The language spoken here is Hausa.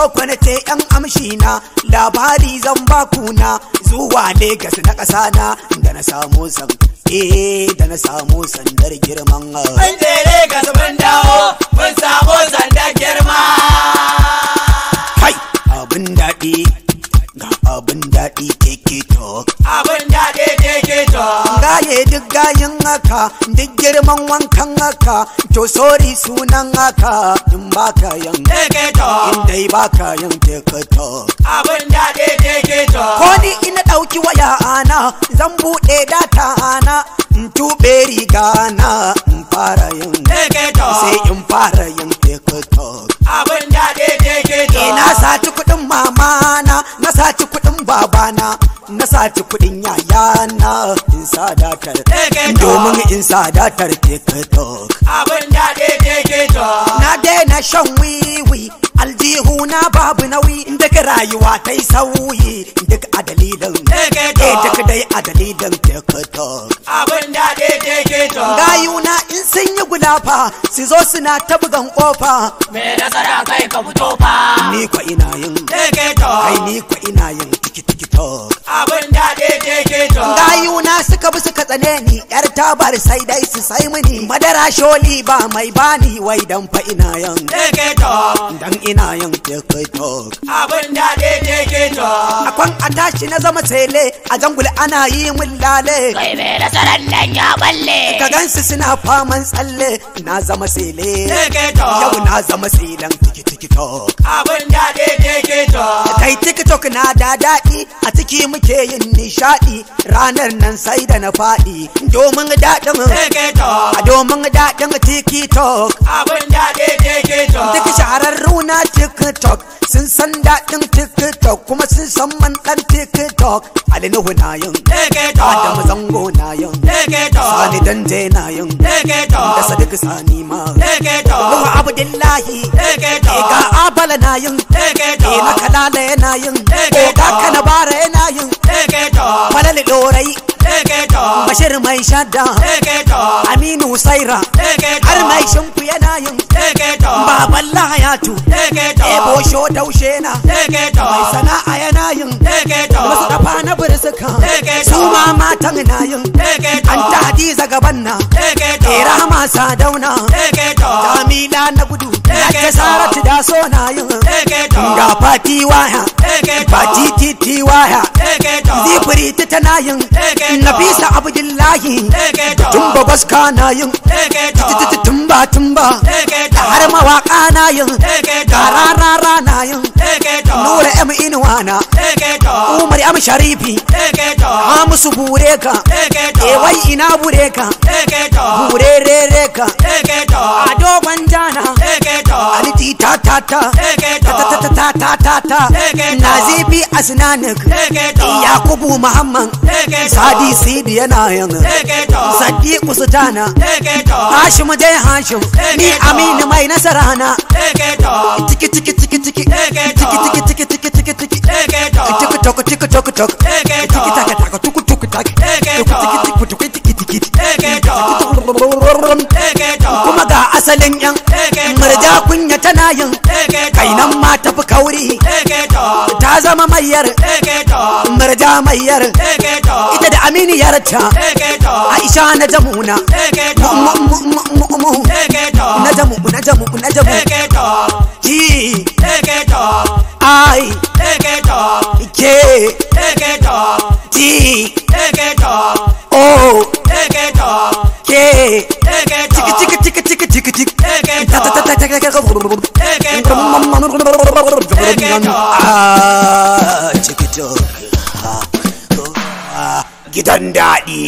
kwakwana ce yan amshi na labari zan ba kuna zuwa Legas na ƙasa na da na samu san eh da na samu sandar girman Mun je Legas mun dawo mun samu sandar girma Kai abin daɗi ga abin daɗi take talk abin daɗi take talk gaye duk gaye haka duk girman wankan haka to sori sunan haka in ka yan tiktok in dai ka yan tiktok abin daɗe tiktok ko ni ina ɗauki waya ana zan buɗe data ana in tuɓe riga na in fara yin tiktok sai in fara yin tiktok abin daɗe tiktok ina sati kuɗin mama na na saci yaya na. in sadatar domin in sadatar tiktok abin da to na daina shan wiwi aljihu na babu nauyi daga rayuwa ta yi sauyi duk a dalilin tiktok eh, duk dai a dalilin tiktok abin da gayu na in sun yi gudafa su zo suna ta bugan kofa me nasara kai ka fito fa ni ko ina ai ni ko ina yin tiki tiki tok abin da daidai ke to na suka bi suka tsane ni yar tabar sai dai su sai mini madara sholi ba mai bani wai dan fa ina yin tiki tok dan ina yin tiki tok abin da daidai ke to akwan atashi na zama sele a jangule ana yi min lale kai me da saran nan ya balle ka gansu suna faman tsalle na zama sele tiki tok yau na zama silan tiki tiki tok abin da daidai ke to tiktok na da daɗi a ciki muke yin nishaɗi ranar nan sai da na faɗi domin daɗin a domin daɗin tiktok abin daɗe tiktok duk shahararru na tiktok sun san daɗin tiktok kuma sun san man ɗan tiktok alinuhu na yin adamu zango na yin sani danje na yin da sadiq sani ma ruhu abdullahi eh, ga abala na yin Ina kanana yana yin, oga kana bara yana yin, falali dorai, bashir mai shadda, aminu saira, har mai shinku yana yin, baban lahayatu, ebo sho taushe na, mai sana'a yana yin, wasu dafa na birsuka, su ma matan na yin, an ta hadiza gaban na, kera masa dauna, jamila na gudu, na saratu da so na yin. fati waya fati titi waya zifiri ta tana yin nafisa abdullahi tumba baska na yin tumba tumba har mawaka na yin kararara na yin nura emu inuwana umar emu sharifi ha musu bureka ewai ina bureka ta ta ta ta yakubu muhammad sadi sidi yana yin sadiku sutana hashim dai hashim ni aminu mai nasarana na tiki tiki tiki tiki tiki tiki tiki tiki tiki tiki tok tik tok tok tiki taka taka tuku tuku taka tuku tuku tiki tiki tiki kuma ga asalin yan murja kunya tana yin kainan ma tafi kauri ta zama mayar murja mayar ita da aminiyarta aisha na jamuna na jamu na jamu na jamu ji ai ke ji o ke tik tik tik tik tik tik gidan daɗi.